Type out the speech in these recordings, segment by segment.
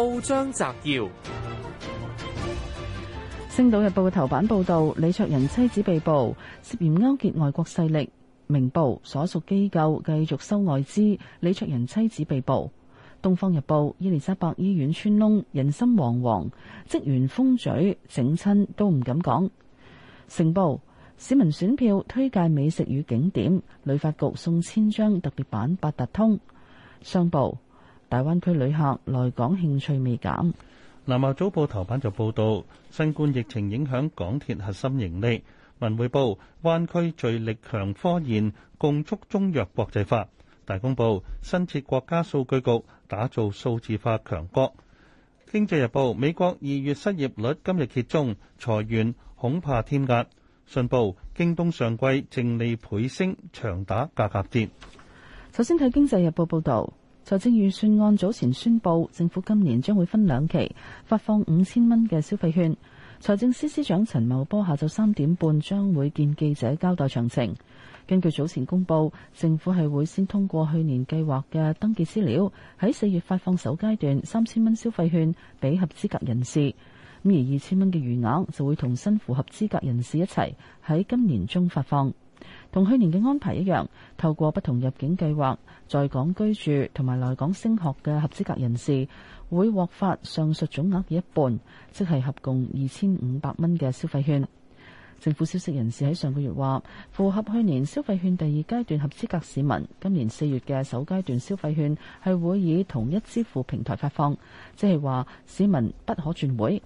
報章摘要：星島日報嘅頭版報道李卓人妻子被捕，涉嫌勾結外國勢力。明報所屬機構繼續收外資。李卓人妻子被捕。東方日報：伊利沙伯醫院穿窿，人心惶惶，職員封嘴，整親都唔敢講。成報：市民選票推介美食與景點。旅發局送千張特別版八達通。商報。大灣區旅客來港興趣未減。南華早報頭版就報道，新冠疫情影響港鐵核心盈利。文匯報：灣區聚力強科研，共促中藥國際化。大公報：新設國家數據局，打造數字化強國。經濟日報：美國二月失業率今日揭盅，裁員恐怕添壓。信報：京東上季淨利倍升，長打價格跌。首先睇經濟日報報道。財政預算案早前宣布，政府今年將會分兩期發放五千蚊嘅消費券。財政司司長陳茂波下晝三點半將會見記者交代詳情。根據早前公佈，政府係會先通過去年計劃嘅登記資料，喺四月發放首階段三千蚊消費券俾合資格人士。咁而二千蚊嘅餘額就會同新符合資格人士一齊喺今年中發放。同去年嘅安排一樣，透過不同入境計劃在港居住同埋來港升學嘅合資格人士，會獲發上述總額嘅一半，即係合共二千五百蚊嘅消費券。政府消息人士喺上個月話，符合去年消費券第二階段合資格市民，今年四月嘅首階段消費券係會以同一支付平台發放，即係話市民不可轉會。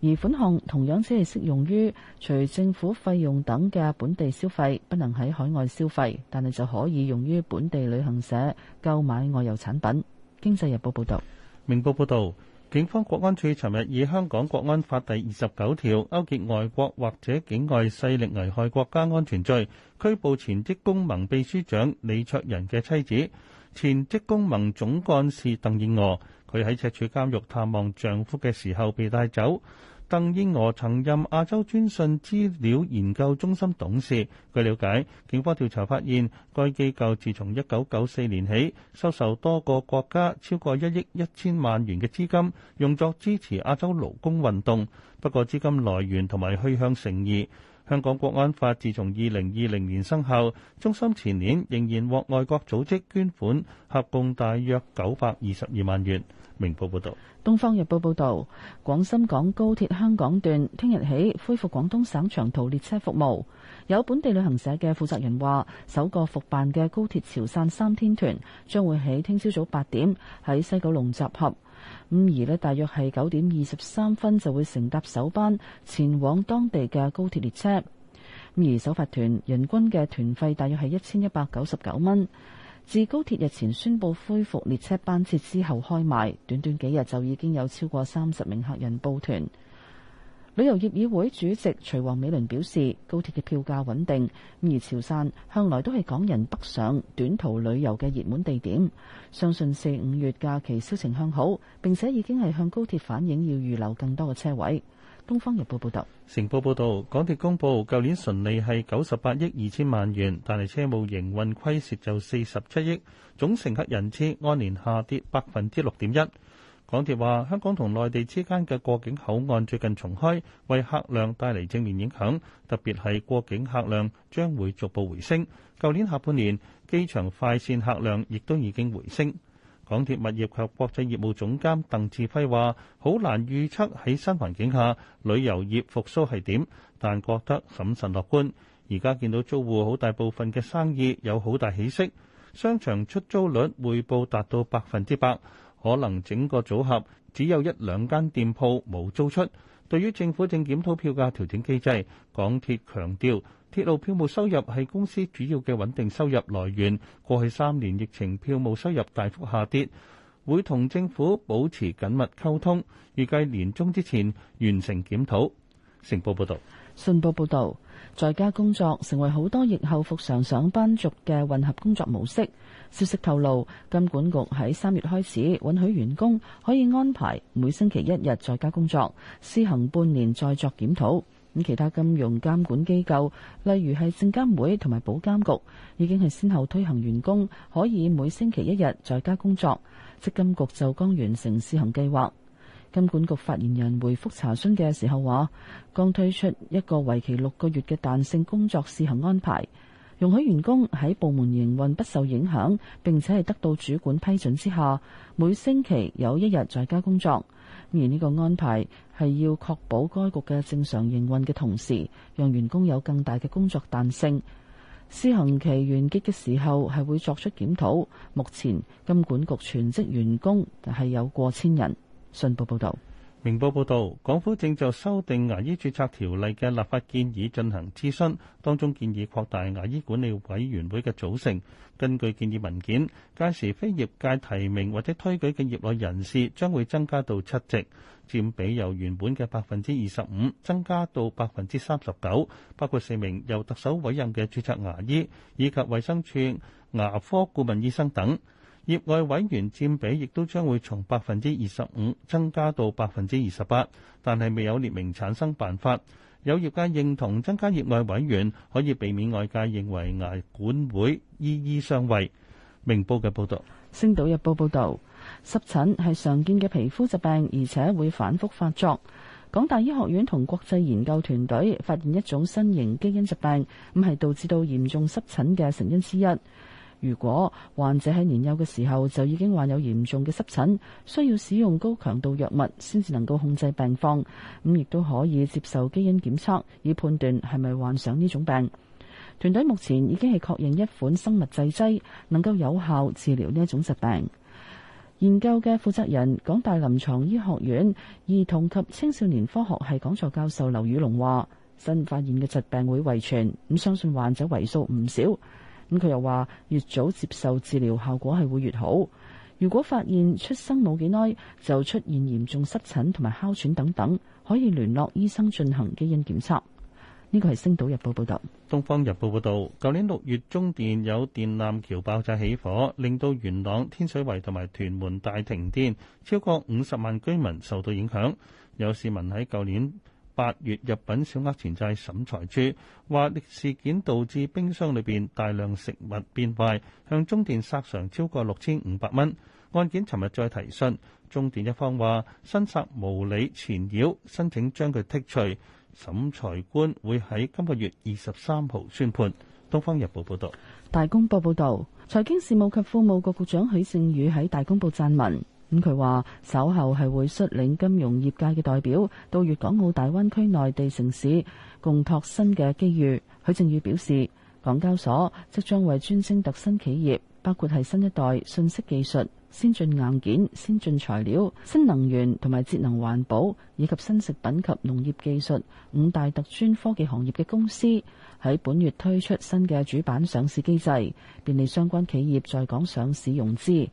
而款項同樣只係適用於除政府費用等嘅本地消費，不能喺海外消費，但係就可以用於本地旅行社購買外遊產品。經濟日報報導。明報報導，警方國安處尋日以香港國安法第二十九條勾結外國或者境外勢力危害國家安全罪，拘捕前職工盟秘書長李卓人嘅妻子，前職工盟總幹事鄧燕娥。佢喺赤柱監獄探望丈夫嘅時候被帶走。鄧英娥曾任亞洲專訊資料研究中心董事。據了解，警方調查發現，該機構自從一九九四年起，收受多個國家超過一億一千萬元嘅資金，用作支持亞洲勞工運動。不過，資金來源同埋去向成疑。香港國安法自從二零二零年生效，中心前年仍然獲外國組織捐款，合共大約九百二十二萬元。明報報導，《東方日報》報導，廣深港高鐵香港段聽日起恢復廣東省長途列車服務。有本地旅行社嘅負責人話，首個復辦嘅高鐵潮汕三天團將會喺聽朝早八點喺西九龍集合。咁而呢，大約係九點二十三分就會乘搭首班前往當地嘅高鐵列車。咁而首發團人均嘅團費大約係一千一百九十九蚊。自高鐵日前宣布恢復列車班次之後開賣，短短幾日就已經有超過三十名客人報團。旅遊業議會主席徐王美倫表示，高鐵嘅票價穩定，而潮汕向來都係港人北上短途旅遊嘅熱門地點，相信四五月假期銷情向好，並且已經係向高鐵反映要預留更多嘅車位。《東方日報》報導，成報報道，港鐵公布舊年純利係九十八億二千萬元，但係車務營運虧蝕就四十七億，總乘客人次按年下跌百分之六點一。港鐵話：香港同內地之間嘅過境口岸最近重開，為客量帶嚟正面影響，特別係過境客量將會逐步回升。舊年下半年機場快線客量亦都已經回升。港鐵物業及國際業務總監鄧智輝話：好難預測喺新環境下旅遊業復甦係點，但覺得審慎樂觀。而家見到租戶好大部分嘅生意有好大起色，商場出租率回報達到百分之百，可能整個組合只有一兩間店鋪冇租出。對於政府正檢討票價調整機制，港鐵強調鐵路票務收入係公司主要嘅穩定收入來源。過去三年疫情，票務收入大幅下跌，會同政府保持緊密溝通，預計年中之前完成檢討。成報報道。信報報導，在家工作成為好多疫後復常上班族嘅混合工作模式。消息透露，金管局喺三月開始允許員工可以安排每星期一日在家工作，施行半年再作檢討。咁其他金融監管機構，例如係證監會同埋保監局，已經係先後推行員工可以每星期一日在家工作。積金局就剛完成成施行計劃。金管局發言人回覆查詢嘅時候話，剛推出一個為期六個月嘅彈性工作試行安排，容許員工喺部門營運不受影響，並且係得到主管批准之下，每星期有一日在家工作。而呢個安排係要確保該局嘅正常營運嘅同時，讓員工有更大嘅工作彈性。試行期完結嘅時候係會作出檢討。目前金管局全職員工係有過千人。信報報導，明報報道，港府正就修訂牙醫註冊條例嘅立法建議進行諮詢，當中建議擴大牙醫管理委員會嘅組成。根據建議文件，屆時非業界提名或者推舉嘅業內人士將會增加到七席，佔比由原本嘅百分之二十五增加到百分之三十九，包括四名由特首委任嘅註冊牙醫以及衛生署牙科顧問醫生等。業外委員佔比亦都將會從百分之二十五增加到百分之二十八，但係未有列明產生辦法。有業界認同增加業外委員可以避免外界認為牙管會醫醫相衛。明報嘅報導，星島日報報導，濕疹係常見嘅皮膚疾病，而且會反覆發作。港大醫學院同國際研究團隊發現一種新型基因疾病，咁係導致到嚴重濕疹嘅成因之一。如果患者喺年幼嘅時候就已經患有嚴重嘅濕疹，需要使用高強度藥物先至能夠控制病況，咁亦都可以接受基因檢測，以判斷係咪患上呢種病。團隊目前已經係確認一款生物製劑能夠有效治療呢一種疾病。研究嘅負責人，港大臨床醫學院兒童及青少年科學系講座教授劉宇龍話，新發現嘅疾病會遺傳，咁相信患者為數唔少。咁佢又話：越早接受治療，效果係會越好。如果發現出生冇幾耐就出現嚴重濕疹同埋哮喘等等，可以聯絡醫生進行基因檢測。呢個係《星島日報》報道。《東方日報》報道，舊年六月中電有電纜橋爆炸起火，令到元朗、天水圍同埋屯門大停電，超過五十萬居民受到影響。有市民喺舊年八月入稟小額錢債審裁處，話事件導致冰箱裏邊大量食物變壞，向中電索償超過六千五百蚊。案件尋日再提訊，中電一方話申索無理纏擾，申請將佢剔除。審裁官會喺今個月二十三號宣判。東方日報報道，大公報報道，財經事務及庫務局局，局長許正宇喺大公報撰文。咁佢話稍後係會率領金融業界嘅代表到粵港澳大灣區內地城市共拓新嘅機遇。許正宇表示，港交所即將為專精特新企業，包括係新一代信息技術、先進硬件、先進材料、新能源同埋節能環保以及新食品及農業技術五大特專科技行業嘅公司，喺本月推出新嘅主板上市機制，便利相關企業在港上市融資。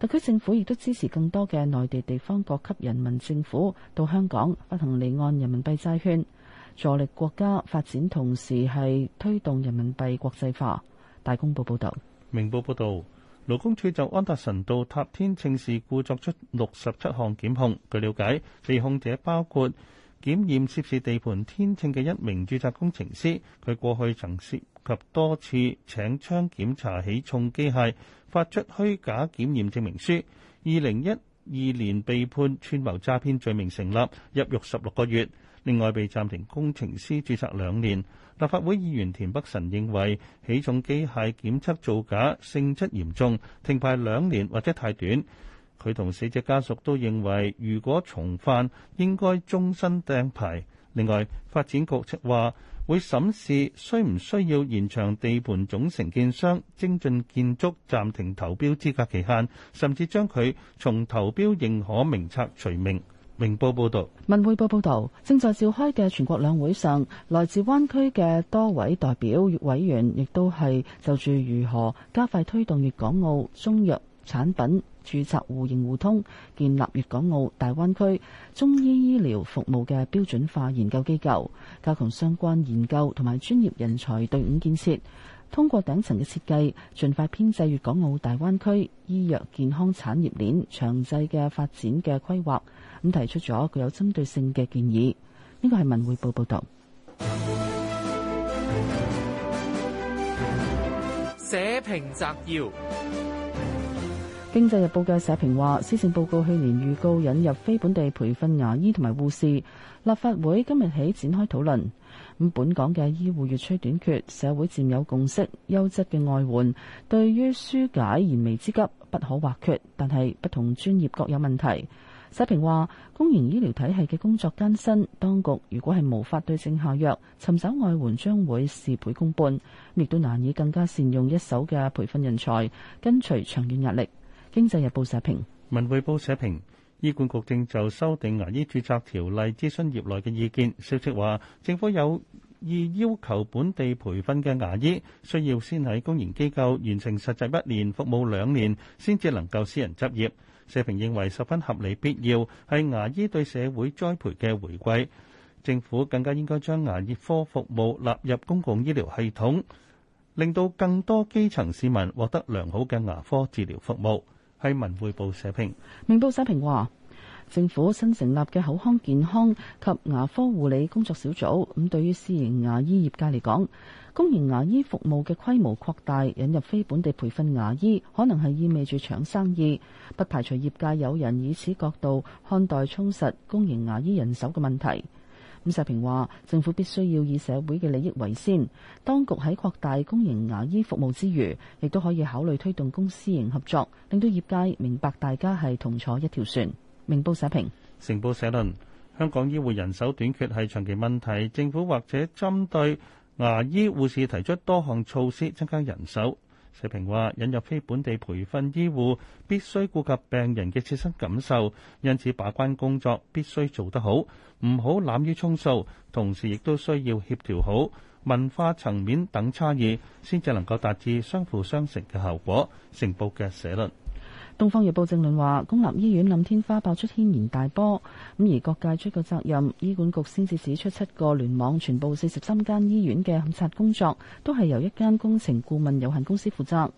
特區政府亦都支持更多嘅內地地方各級人民政府到香港發行離岸人民幣債券，助力國家發展，同時係推動人民幣國際化。大公報報道：「明報報道，勞工處就安達臣道塌天秤事故作出六十七項檢控。據了解，被控者包括檢驗涉事地盤天秤嘅一名註冊工程師，佢過去曾涉及多次請槍檢查起重機械，發出虛假檢驗證明書。二零一二年被判串謀詐騙罪名成立，入獄十六個月，另外被暫停工程師註冊兩年。立法會議員田北辰認為，起重機械檢測造假性質嚴重，停牌兩年或者太短。佢同死者家屬都認為，如果重犯應該終身釘牌。另外，發展局則話會審視需唔需要延長地盤總承建商精進建築暫停投標資格期限，甚至將佢從投標認可名冊除名。明報報道，文匯報報道，正在召開嘅全國兩會上，來自灣區嘅多位代表、委員，亦都係就住如何加快推動粵港澳中藥產品。註冊互認互通，建立粵港澳大灣區中醫醫療服務嘅標準化研究機構，加強相關研究同埋專業人才隊伍建設。通過頂層嘅設計，盡快編制粵港澳大灣區醫藥健康產業鏈詳細嘅發展嘅規劃。咁提出咗具有針對性嘅建議。呢個係文匯報報道。社評摘要。經濟日報嘅社評話，施政報告去年預告引入非本地培訓牙醫同埋護士，立法會今日起展開討論。咁本港嘅醫護越趨短缺，社會漸有共識，優質嘅外援對於紓解燃眉之急不可或缺。但係不同專業各有問題。社評話，公營醫療體系嘅工作艱辛，當局如果係無法對症下藥，尋找外援將會事倍功半，亦都難以更加善用一手嘅培訓人才，跟隨長遠壓，壓力。經濟日報社評，《文匯報》社評：醫管局正就修訂牙醫註冊條例諮詢業內嘅意見。消息話，政府有意要求本地培訓嘅牙醫需要先喺公營機構完成實習一年服務兩年，先至能夠私人執業。社評認為十分合理必要，係牙醫對社會栽培嘅回饋。政府更加應該將牙醫科服務納入公共醫療系統，令到更多基層市民獲得良好嘅牙科治療服務。喺文匯報社評，明報社評話，政府新成立嘅口腔健康及牙科護理工作小組，咁對於私營牙醫業界嚟講，公營牙醫服務嘅規模擴大，引入非本地培訓牙醫，可能係意味住搶生意，不排除業界有人以此角度看待充實公營牙醫人手嘅問題。伍世平話：政府必須要以社會嘅利益為先，當局喺擴大公營牙醫服務之餘，亦都可以考慮推動公私營合作，令到業界明白大家係同坐一條船。明報社評，成報社論：香港醫護人手短缺係長期問題，政府或者針對牙醫、護士提出多項措施增加人手。社評話：引入非本地培訓醫護，必須顧及病人嘅切身感受，因此把關工作必須做得好，唔好濫竽充數。同時亦都需要協調好文化層面等差異，先至能夠達至相輔相成嘅效果。成報嘅社論。《東方日報》正論話，公立醫院冧天花爆出軒然大波，咁而各界追究責任，醫管局先至指出七個聯網、全部四十三間醫院嘅勘察工作都係由一間工程顧問有限公司負責。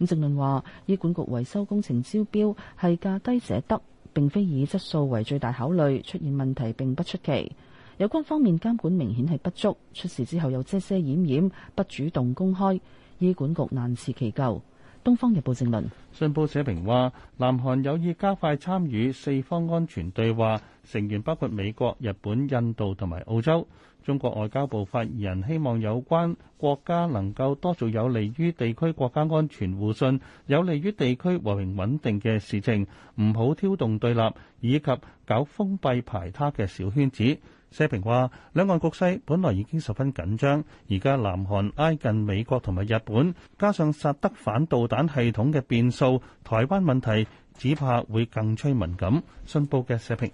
咁正論話，醫管局維修工程招標係價低者得，並非以質素為最大考慮，出現問題並不出奇。有關方面監管明顯係不足，出事之後又遮遮掩掩，不主動公開，醫管局難辭其咎。《東方日報》新聞，信報社評話，南韓有意加快參與四方安全對話，成員包括美國、日本、印度同埋澳洲。中國外交部發言人希望有關國家能夠多做有利於地區國家安全互信、有利於地區和平穩定嘅事情，唔好挑動對立以及搞封閉排他嘅小圈子。社評話，兩岸局勢本來已經十分緊張，而家南韓挨近美國同埋日本，加上薩德反導彈系統嘅變數，台灣問題只怕會更趨敏感。信報嘅社評。